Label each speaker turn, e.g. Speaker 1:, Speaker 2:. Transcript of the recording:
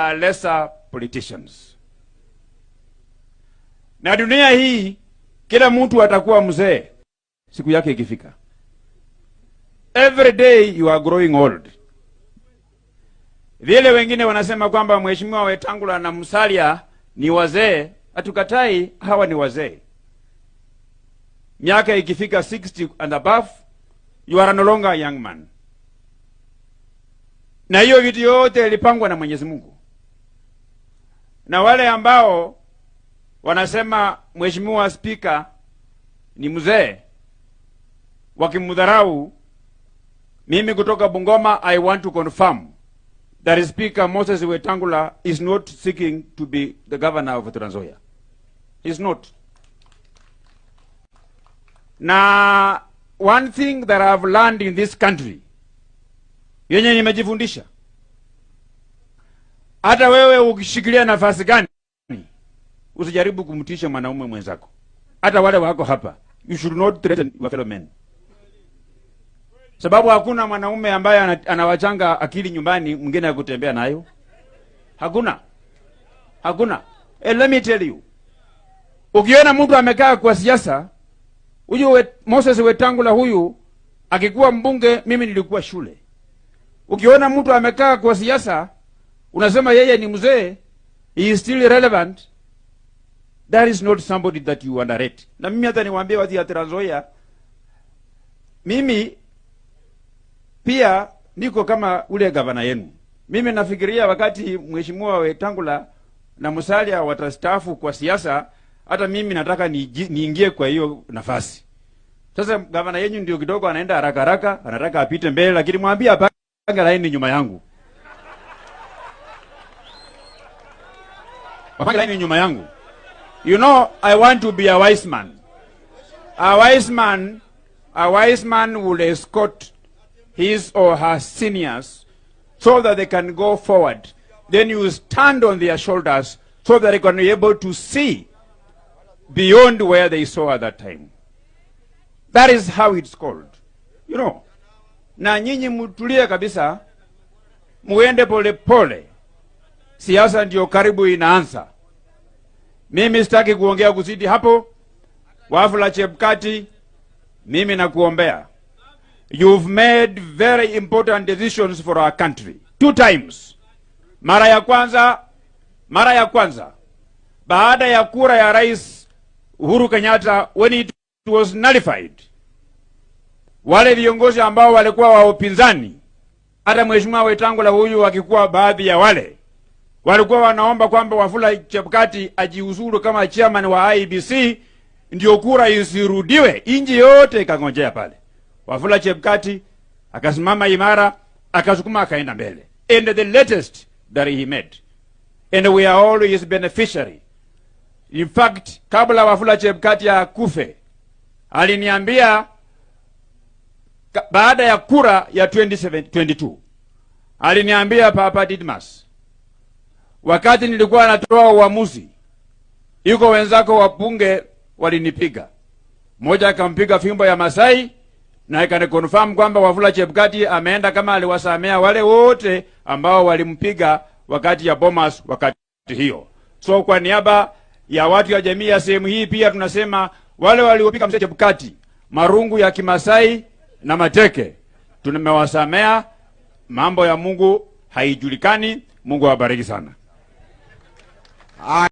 Speaker 1: are lesser politicians. Na dunia hii kila mtu atakuwa mzee siku yake ikifika. Every day you are growing old. Vile wengine wanasema kwamba Mheshimiwa Wetangula na Musalia ni wazee, hatukatai, hawa ni wazee. Miaka ikifika 60 and above, you are no longer a young man. Na hiyo vitu yote ilipangwa na Mwenyezi Mungu na wale ambao wanasema mheshimiwa spika ni mzee, wakimdharau mimi kutoka Bungoma, I want to confirm that Speaker Moses Wetangula is not seeking to be the governor of Trans Nzoia. He's not. Na one thing that I have learned in this country, yenye nimejifundisha hata wewe ukishikilia nafasi gani, usijaribu kumtisha mwanaume mwenzako, hata wale wako hapa. You should not threaten your fellow men, sababu hakuna mwanaume ambaye anawachanga akili nyumbani mwingine ya kutembea nayo. Hakuna, hakuna. Hey, eh, let me tell you, ukiona mtu amekaa kwa siasa, huyu wet, Moses Wetangula huyu akikuwa mbunge, mimi nilikuwa shule. Ukiona mtu amekaa kwa siasa unasema yeye ni mzee, he is still relevant, that is not somebody that you underrate. Na mimi hata niwaambie wazi ya Trans Nzoia, mimi pia niko kama ule gavana yenu. Mimi nafikiria wakati mheshimiwa Wetangula na Musalia watastaafu kwa siasa, hata mimi nataka niingie ni kwa hiyo nafasi. Sasa gavana yenyu ndio kidogo anaenda haraka haraka, anataka apite mbele, lakini mwambie apange laini nyuma yangu. wapange laini nyuma yangu. You know, I want to be a wise man. A wise man, a wise man will escort his or her seniors so that they can go forward. Then you stand on their shoulders so that they can be able to see beyond where they saw at that time. That is how it's called. You know, na nyinyi mutulie kabisa, muende pole pole siasa ndio karibu inaanza. Mimi sitaki kuongea kuzidi hapo. Wafula Chebukati, mimi nakuombea, you've made very important decisions for our country two times. Mara ya kwanza, mara ya kwanza baada ya kura ya rais Uhuru Kenyatta, when it was nullified, wale viongozi ambao walikuwa wa upinzani, hata mheshimiwa Wetangula huyu akikuwa baadhi ya wale walikuwa wanaomba kwamba Wafula Chebukati ajiuzuru kama chairman wa IBC ndio kura isirudiwe. Inji yote ikangojea pale. Wafula Chebukati akasimama imara, akasukuma, akaenda mbele. And the latest that he made and we are all his beneficiary. In fact, kabla Wafula Chebukati kufe aliniambia baada ya kura ya 2022 aliniambia, Papa Didmas Wakati nilikuwa natoa uamuzi, iko wenzako wabunge walinipiga, mmoja akampiga fimbo ya Masai na ikanikonfirm kwamba Wafula Chebukati ameenda kama aliwasamea wale wote ambao walimpiga wakati ya Bomas wakati hiyo. So kwa niaba ya watu ya jamii ya sehemu hii pia tunasema wale waliopiga mzee Chebukati marungu ya Kimasai na mateke tumewasamea. Mambo ya Mungu haijulikani. Mungu awabariki sana. I